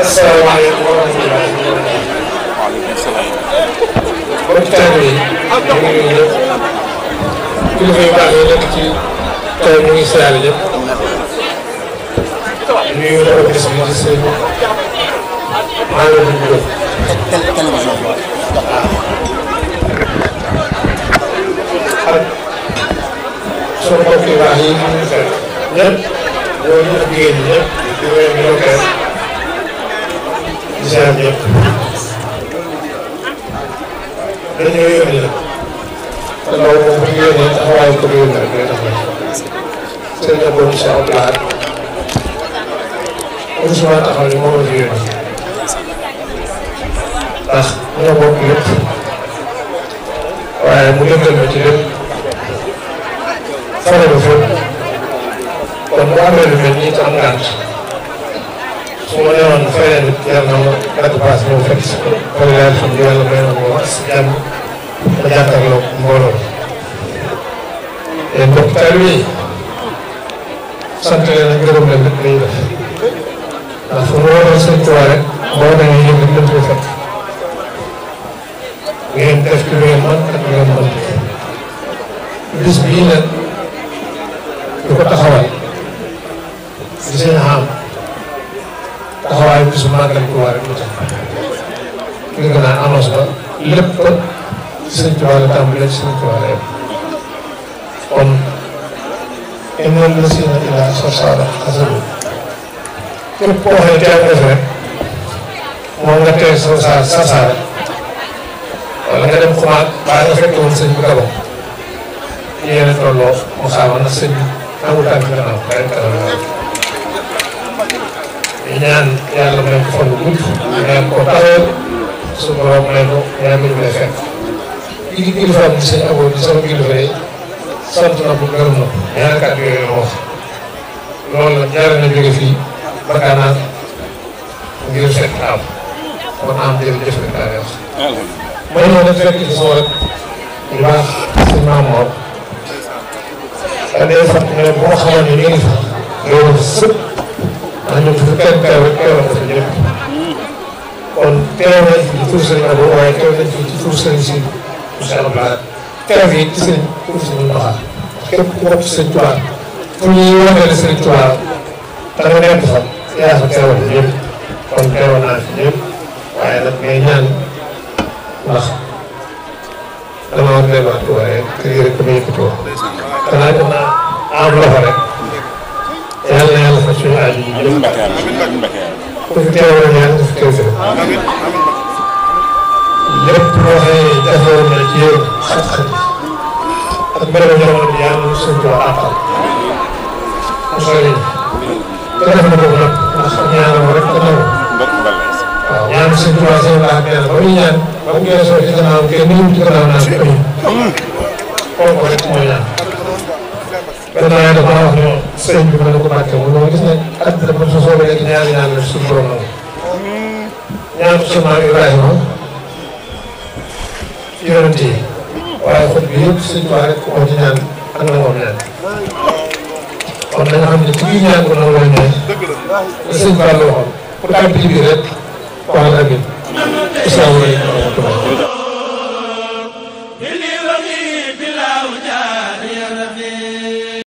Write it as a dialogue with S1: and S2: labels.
S1: Esselamu Aleyküm ve Rahmetullah. Aleyküm Selam. Muhtemelen yemin ediyorum. Kılıfı yukarıya ki tevhini ısrar edip Büyük olarak ismimizi Aleyküm Selam. Televizyon var. Çok çok İbrahim'in üzerine. Yep. Yolun bir yerine. Yolun bir yerine. ziar ñëpp dañoo yónnee te loolu moom bu ñu yónnee taxawaayu ko yónnee rek lay taxawee. sëñ bi boobu incha allah heureusement taxaw ni moo ñu yónnee ndax ñoo bokk lépp mu lëkkal ma ci lépp fare ba fépp kon mu amee lu su ma nee woon fay leen yàlla na paas ñëw fekk si kon alhamdulilah yàlla may na ma wax si jàmm ma jàkkaarloo mbooloo te eh, mbokk taalibe yi sant leen ak gërëm leen rek lay def ndax fu mu waroon sëñ Tuubaa rek moo da ngay yëngu mën ko fekk ngeen def ci lu ngeen mën ak lu ngeen mën bis tahawai itu semua akan keluar waare mu tax ki nga naan annonce ba lépp sëñ Tuubaa la tàmbalee ci sëñ Tuubaa la yem kon innal lazina ila sarsara xasalu orang kita xam ne teel def rek moom nga teel sarsaar sarsaar wala nga dem xumaat baa nga fekk woon sëñ bi ñaan yàlla may ko fan bu gudd ñaan ko taxawal suñu borom may ko ñaan nañu may fekk. kii di kilifa di sama kilifa yi sant na ko gërëm na ko yooyu loolu nag jar na jóge fii bakkaanaat ngir fekk am kon am jërëjëf rek daal wax. may ñëw nag fekk ci sama rek bu si maam Mor. ne bu ma ne ñu ngi fa ñun fu kenn teew rek teewal na fi ñëpp kon teew nañ fi ci tur sëriñ Abo waaye teew nañ fi ci tur sëriñ si Moussa Abdoulaye teew yi ci sëriñ tur sëriñ Moussa képp ku bokk ci sëriñ Touba
S2: fu ñuy wooteele sëriñ Touba
S1: te nga nekk fa yaa fa teewal na ñëpp kon teewal naa fi ñëpp waaye nag ngay ñaan ndax dama war a delluwaat Touba rek kër yi rek dama yëkkatoo danaa dem naa am loxo rek amiin Mbacke amiin Mbacke ku fi teewoo ñaan nga fi teew fi lépp loo xam ne defoon na ci yow xat-xat ak mbir mi jamono bi yàlla na suñu tubaab àttal mosoo leen te def na ko nag ndax ñaanoo rek ko nangu waaw ñaan suñu tubaab seen baax nee na ba muy ñaan ba mu geesoo ci gannaaw kenn ñu ci gannaaw naan ko kooku rek mooy ñaan gannaaw yàlla dafa wax ne sëñ bi mën na ko bàkkee moom loolu gis nañ àddina bu sosoo ba léegi ñaari ñaan la suñu borom la ñaan suñu maam Ibrahima yonent yi waaye xol bi yëpp sëñ Tuubaa rek ko ci ñaan ak na moom ñaan kon nañu xam ne kii ñaan ko nangoo ñaan la sëñ Fall waxoon ku tàbbi ci biir rek waxal amin asalaamaaleykum wa rahmatulah